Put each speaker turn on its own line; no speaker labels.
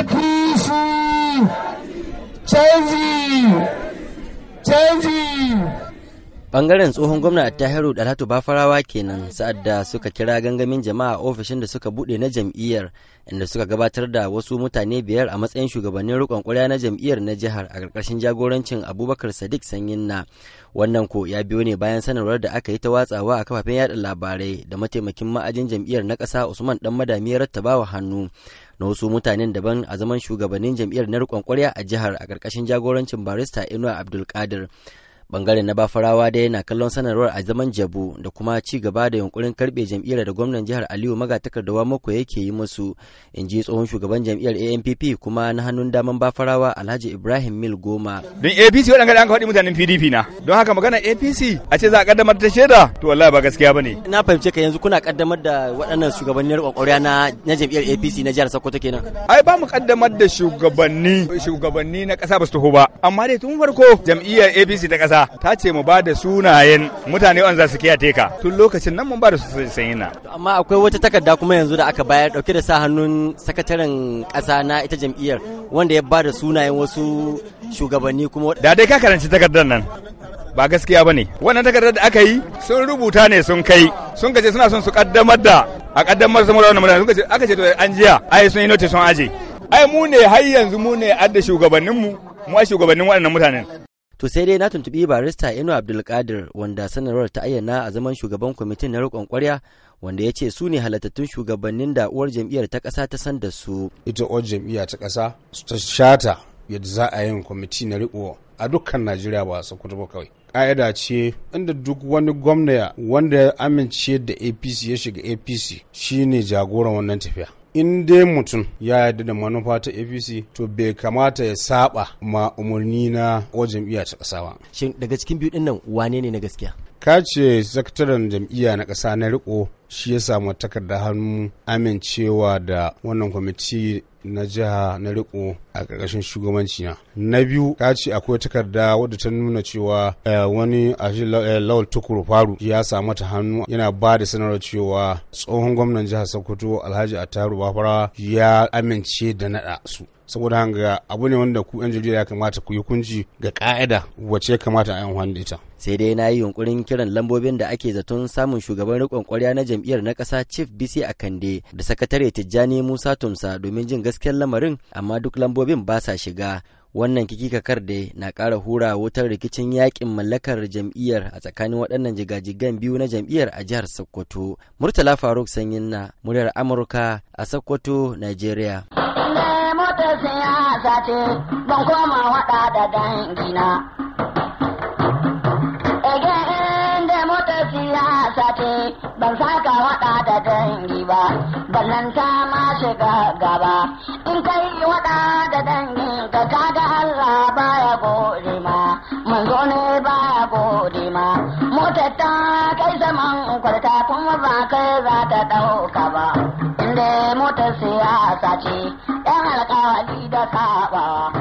APC!
Change!
Change!
Bangaren tsohon gwamna a Tahiru Dalatu Bafarawa kenan sa'ad da suka kira gangamin jama'a ofishin da suka bude na jam'iyyar inda suka gabatar da wasu mutane biyar a matsayin shugabannin rikon kwarya na jam'iyyar na jihar a ƙarƙashin jagorancin Abubakar Sadiq Sanyinna. Wannan ko ya biyo ne bayan sanarwar da aka yi ta watsawa a kafafen yada labarai da mataimakin ma'ajin jam'iyyar na ƙasa Usman Dan Madami ya rattabawa hannu. na wasu mutanen daban a zaman shugabannin jam'iyyar na rikon kwarya a jihar a ƙarƙashin jagorancin barista inuwa abdulkadir Bangare na Bafarawa dai na kallon sanarwar a zaman jabu da kuma ci gaba da yunkurin karbe jam'iyyar da gwamnan jihar Aliyu magatakardawa mako yake yi musu, in ji tsohon shugaban jam'iyyar ANPP kuma na hannun daman Bafarawa Alhaji Ibrahim Mil Goma. Don APC waɗanda an faɗi mutanen PDP na, don haka magana APC a ce za a kaddamar da shaida to wallahi ba gaskiya ba ne. Na fahimce ka yanzu kuna kaddamar da waɗannan shugabannin kwakwariya na na jam'iyyar APC na jihar Sokoto kenan. Ai ba
mu kaddamar da shugabanni shugabanni na ƙasa ba su taho ba, amma dai tun farko jam'iyyar
APC ta ƙasa ta ce mu ba da sunayen mutane wanda su kiyaye teka tun lokacin nan mun ba da su sanyina. amma akwai wata takarda kuma yanzu da aka bayar dauke da sa hannun sakataren kasa na ita jam'iyyar wanda ya ba da sunayen wasu shugabanni kuma da dai ka karanci takardar nan ba gaskiya ba ne wannan takardar da aka yi sun rubuta ne sun kai sun kace
suna son su kaddamar da a kaddamar su wannan mutane sun kace aka ce to an jiya ai sun yi notice sun aje ai mu ne
har yanzu mu ne adda shugabanninmu mu a shugabannin waɗannan mutanen To sai dai na tuntubi barista Inu Abdulkadir wanda sanarwar ta ayyana a zaman shugaban kwamitin na riƙon ƙwarya wanda ya ce su ne halattattun shugabannin da uwar jam'iyyar ta ƙasa ta sanda su. Ita uwar
jam'iyya ta ƙasa ta shata yadda za a yin kwamiti na riƙo a dukkan Najeriya ba su kutuba kawai. Ƙa'ida ce inda duk wani gwamna wanda ya amince da APC ya shiga APC shine jagoran wannan tafiya. in dai mutum ya yarda da manufa ta apc to bai kamata ya saba ma umarni na ko jam'iyya ta ƙasa ba shin daga cikin biyu din nan wane ne na gaskiya ka ce sakataren jam'iyya na ƙasa na riko shi ya samu takarda hannu amincewa da wannan kwamiti na jiha na riko a ƙarƙashin shugabanci na na biyu ya ce akwai takarda wadda ta nuna cewa eh, wani ashi eh, lawal tukuru faru ya samu ta hannu yana ba da sanarwa cewa tsohon gwamnan jihar sokoto alhaji attaru bafara ya amince da naɗa su saboda hanga abu ne wanda ku yan jarida ya kamata ku yi kunji ga ka'ida wacce ya
kamata a yi da ita sai dai na yi yunkurin kiran lambobin da ake zaton samun shugaban rikon kwarya na jam'iyyar na ƙasa chief bc akande da sakatare tijjani musa tumsa domin jin gaskiyar lamarin amma duk lambobin ba sa shiga wannan kikikakar da na kara hura wutar rikicin yakin mallakar jam'iyyar a tsakanin waɗannan jigajigan biyu na jam'iyyar a jihar Sokoto. Murtala Faruk Sanyin na muryar Amurka a Sokoto, Nigeria.
harkar ya sace ban koma wada da dangina. Ege mota motar ya sace ban saka wada da dangi ba, ballanta ma shiga gaba in kai wada. hali da kaɓawa.